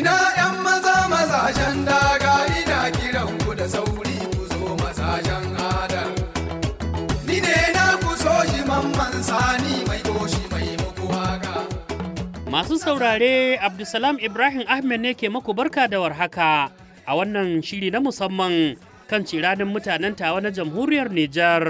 ina yan maza mazajen daga ina kiran ku da sauri ku zo mazajen adal ni ne na ku so shi mamman sani mai toshi mai muku haka masu saurare abdulsalam ibrahim ahmed ne ke muku barka da warhaka a wannan shiri na musamman kan ciranin mutanen tawa na jamhuriyar nijar.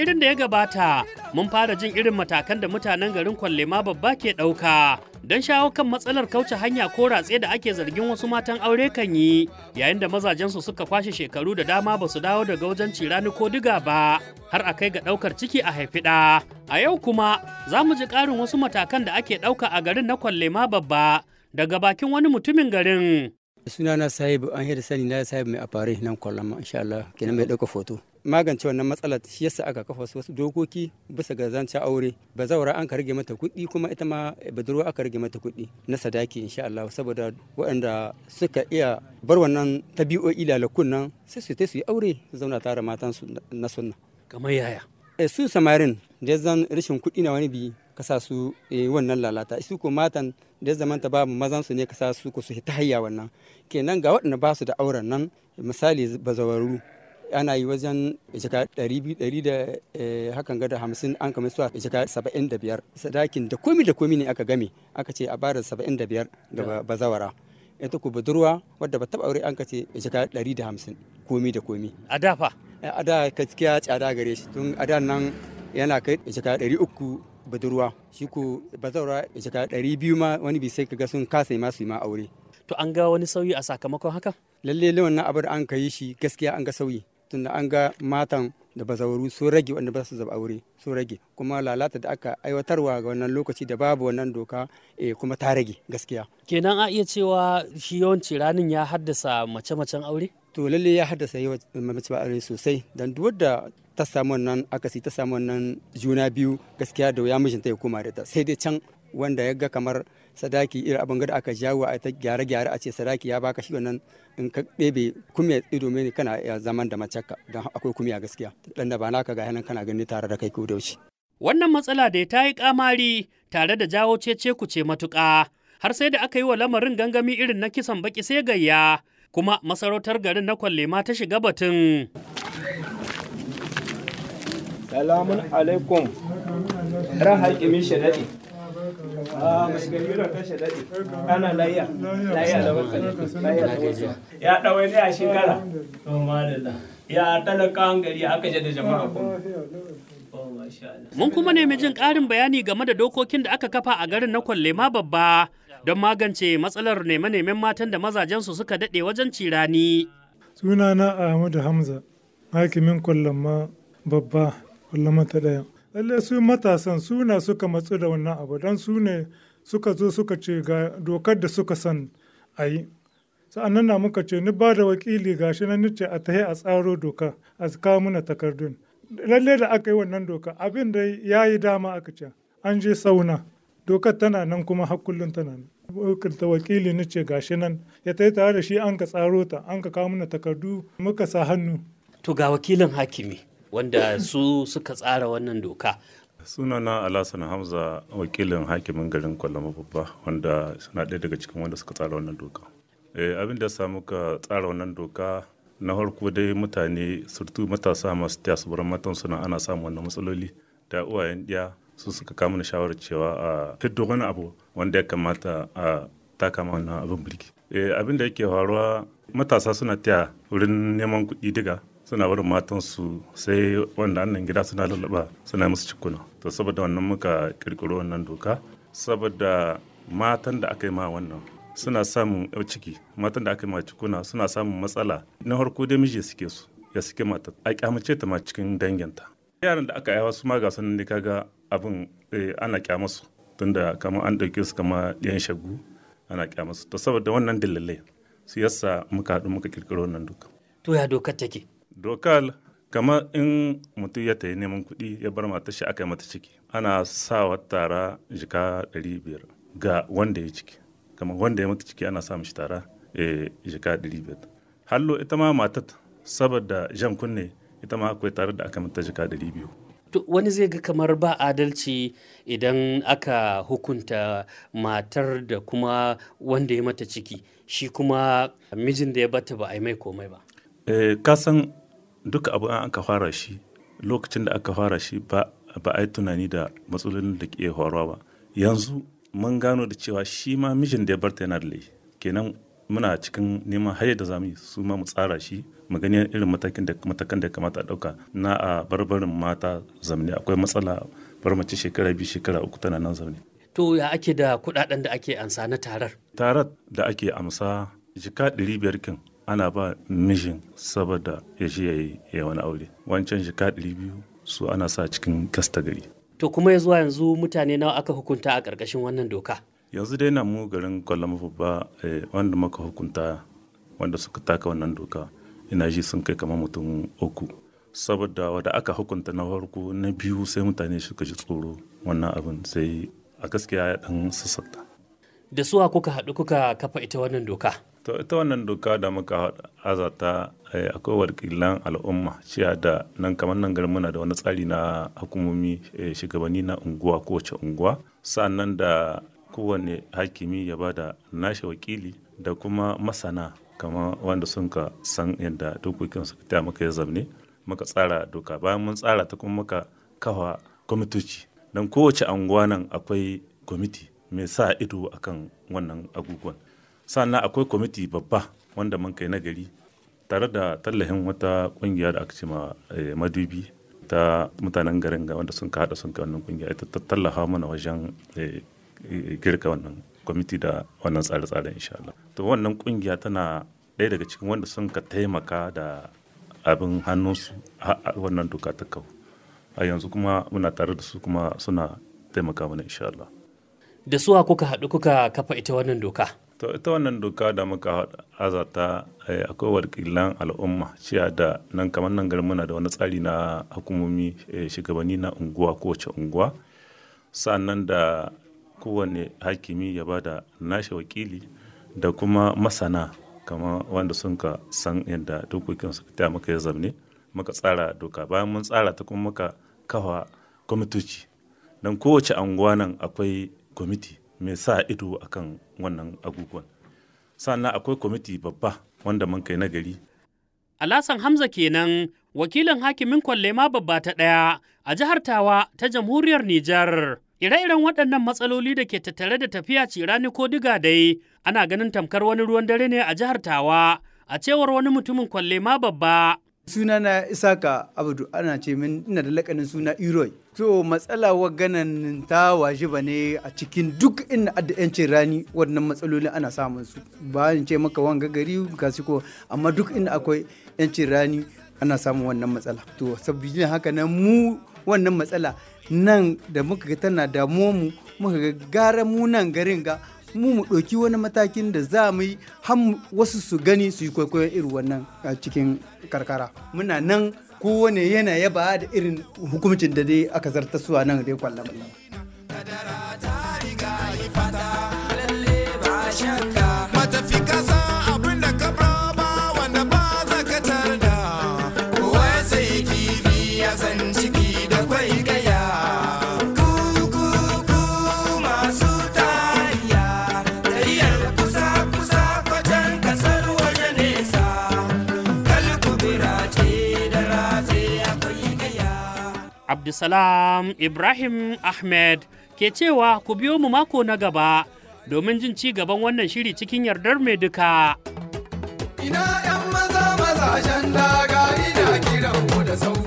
shirin da ya gabata mun fara jin irin matakan da mutanen garin kwallema babba ke ɗauka don shawo kan matsalar kauce hanya ko ratse da ake zargin wasu matan aure kan yi yayin da mazajensu suka kwashe shekaru da dama ba su dawo daga wajen cirani ko diga ba har a kai ga ɗaukar ciki a haifi ɗa a yau kuma za mu ji ƙarin wasu matakan da ake ɗauka a garin na kwallema babba daga bakin wani mutumin garin sunana sahibu an da sani na sahibu mai afare nan kwallama insha Allah kenan mai ɗauka foto magance wannan matsalar shi yasa aka kafa wasu dokoki bisa ga zancen aure ba zaura an ka rage mata kuɗi kuma ita ma budurwa aka rage mata kuɗi na sadaki insha Allah saboda waɗanda suka iya bar wannan tabi'o'i lalakun nan sai su su yi aure su zauna tare matan su na sunna kamar yaya eh, su samarin da zan rashin kuɗi na wani bi ka sa su eh, wannan lalata su ko matan da zaman ta babu mazan su ne ka sa su ko su ta hayya wannan kenan ga waɗanda ba su da auren nan misali bazawaru ana yi wajen shekara ɗari biyu ɗari da eh, hakan gada hamsin an kama su a shekara saba'in da biyar sadakin da komi da komi ne aka game aka ce a bada saba'in da biyar da bazawara ita ku budurwa wadda ba taɓa aure an ka ce shekara ɗari da hamsin komi da komi. a da fa. a da gaskiya tsada gare shi tun a da nan yana kai shekara ɗari uku budurwa shi ku bazawara shekara ɗari biyu ma wani bi sai ga sun kasa ma su ma aure. to an ga wani sauyi a sakamakon haka. lalle wannan abu da an ka yi shi gaskiya an ga sauyi tunda an ga matan da bazawaru sun rage wanda ba su zaba aure sun rage kuma lalata da aka aiwatarwa ga wannan lokaci da babu wannan doka e, kuma ta rage gaskiya kenan a iya cewa shi yawanci ranin ya haddasa mace-macen aure to lalle ya haddasa mace aure sosai don duk da ta samu wannan akasi ta samu wannan juna biyu gaskiya da ya mijinta ya koma da ta sai dai can wanda ya ga kamar sadaki irin abin da aka jawo a ta gyare-gyare a ce sadaki ya baka shi wannan in ka ɗebe kumiya ido mene kana ya zaman da macaka don akwai kumiya gaskiya dan da ba naka ga hannun kana gani tare da kai ko da wannan matsala da ta yi kamari tare da jawo cece ce matuƙa har sai da aka yi wa lamarin gangami irin na kisan baki sai gayya kuma masarautar garin na kwallema ta shiga batun salamun alaikum Mun kuma nemi jin ƙarin bayani game da dokokin da aka kafa a garin na kwallema babba don magance matsalar neme-nemen matan da mazajensu suka daɗe wajen cirani. Sunana Ahmadu Hamza, hakimin ma babba, kwallama ta ɗaya. lalle su matasan suna suka matsu da wannan abu don su ne suka zo suka ce ga dokar da suka san a yi sa'annan na muka ce ni ba da wakili ga shi nan ce a tahi a tsaro doka a kawo muna takardun lalle da aka yi wannan doka abin da ya yi dama aka ce an je sauna dokar tana nan kuma hakullun tana nan wakilta wakili ni ce gashi nan ya tayi tare da shi an ka tsaro ta an ka kawo muna takardu muka sa hannu to ga wakilin hakimi wanda su suka tsara wannan doka sunana alasan hamza wakilin hakimin garin kwallama babba wanda suna ɗaya daga cikin wanda suka tsara wannan doka eh, abin da ya samu ka tsara wannan doka na harko dai mutane surtu matasa masu taya matan suna ana samun wannan matsaloli da uwayen ɗiya su suka kama na shawarar cewa a fiddo wani abu wanda ya kamata a taka wannan abin birki eh, abin da yake faruwa matasa suna taya wurin neman kuɗi diga suna barin matansu sai wanda annan gida suna lallaba suna musu cikuna to saboda wannan muka kirkiro wannan doka saboda matan da aka yi ma wannan suna samun yau ciki matan da aka yi ma cikuna suna samun matsala na harko dai miji suke su ya suke mata a kyamace ta ma cikin danginta yaran da aka yawa su ma ga sanin da kaga abin eh, ana kyamasu tunda kama an ɗauke su kama ɗiyan shagu ana kyamasu to saboda wannan dalilai su yasa muka haɗu muka kirkiro wannan doka. to ya dokar take dokal kamar in mutum ya tayi neman kuɗi ya bar mata shi aka yi mata ciki ana sa wa tara jika ɗari biyar ga wanda ya ciki kamar wanda ya mata ciki ana sa mishi tara eh, jika ɗari biyar hallo ita ma matat saboda jan kunne ita ma akwai tare da aka mata jika ɗari To wani zai ga kamar ba adalci idan aka hukunta matar da kuma wanda ya mata ciki shi kuma mijin da ya bata ba a yi mai komai ba. Eh, kasan duk abu an aka fara shi lokacin da aka fara shi ba a yi tunani da matsalolin da ke horo ba yanzu mun gano da cewa shi ma mijin da ya barta yana da laifi kenan muna cikin neman hayar da zamu su ma mu tsara shi mu gani irin matakin da matakan da kamata a dauka na a barbarin mata zamani akwai matsala bar mace shekara biyu shekara uku tana nan zamani. to ya ake da kuɗaɗen da ake amsa na tarar tarar da ake amsa jika ɗari biyar kin ana ba mijin saboda ya je ya yi wani aure wancan shika ɗari biyu su ana sa cikin kasta gari to kuma ya zuwa yanzu mutane nawa aka hukunta a ƙarƙashin wannan doka yanzu dai na mu garin kwallon babba eh, wanda muka hukunta wanda suka taka wannan doka ina ji sun kai kamar mutum uku saboda wanda aka hukunta na farko na biyu sai mutane suka ji tsoro wannan abin sai a gaskiya ya dan sassauta da suwa kuka haɗu kuka kafa ita wannan doka to ita wannan doka da muka azata eh, akwai wakilan al'umma cewa da nan kamar nan garin muna da wani tsari na hukumomi eh, shugabanni na unguwa kowace unguwa sannan da kowane hakimi ya ba da nashi wakili da kuma masana kamar wanda sun ka san yadda dokokin su ta muka ya zamne muka tsara doka bayan mun tsara ta kuma muka kafa kwamitoci nan kowace anguwa nan akwai kwamiti mai sa ido akan wannan abubuwan sannan akwai kwamiti babba wanda mun kai nagari tare da tallahin wata kungiya da aka ce ma eh, madubi ta mutanen garin ga wanda sun ka hada sun kai wannan kungiya ita ta tallafa mana wajen eh, eh, girka wannan kwamiti da wannan tsare-tsaren insha Allah to wannan kungiya tana ɗaya daga cikin wanda sun ka taimaka da abin hannunsu a wannan doka ta kawo a yanzu kuma muna tare da su kuma suna taimaka mana insha Allah da suwa kuka haɗu kuka kafa ita wannan doka to ita wannan doka da muka azata eh, akwai wakilan al'umma cewa da nan kamar nan garin muna da wani tsari na hukumomi eh, shugabanni na unguwa kowace unguwa sannan da kowane hakimi ya ba da nashi wakili da kuma masana kamar wanda sun ka san yadda dokokin suka ta maka ya zamne muka tsara doka bayan mun tsara ta kuma muka kafa kwamitoci don kowace anguwa nan akwai kwamiti mai sa ido a kan wannan abubuwan sannan akwai kwamiti babba wanda mun kai nagari alasan hamza kenan wakilin hakimin kwallema babba ta ɗaya a jihar tawa ta jamhuriyar nijar ire-iren waɗannan matsaloli da ke tattare da tafiya cirani ko diga dai ana ganin tamkar wani ruwan dare ne a jihar tawa a cewar wani mutumin kwallema babba suna na isaka abdu ana ce min ina da lakanin suna iroi to matsala waganan ta ba ne a cikin duk inda adda yancin rani wannan matsaloli ana samun su ba ce maka wanga gari kasiko amma duk inda akwai yancin rani ana samun wannan matsala to sabbin haka nan mu wannan matsala nan da muka ga tana damuwa mu muka ga gara mu nan garin ga mu mu ɗauki wani matakin da za mu yi har wasu su gani su yi kwaikwayon irin wannan a cikin karkara muna nan kowane yana yaba da irin hukumcin da dai aka zartasuwa nan dai kwallon Abdulsalam Ibrahim Ahmed ke cewa ku biyo mu mako na gaba domin jin ci gaban wannan shiri cikin yardar mai duka. Ina 'yan maza mazajen daga ina kiran ku da sauran.